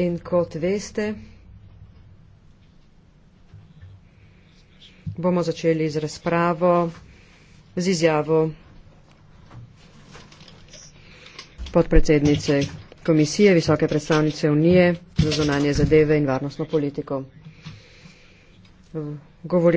In kot veste, bomo začeli z razpravo, z izjavo podpredsednice Komisije Visoke predstavnice Unije za zunanje zadeve in varnostno politiko. Govori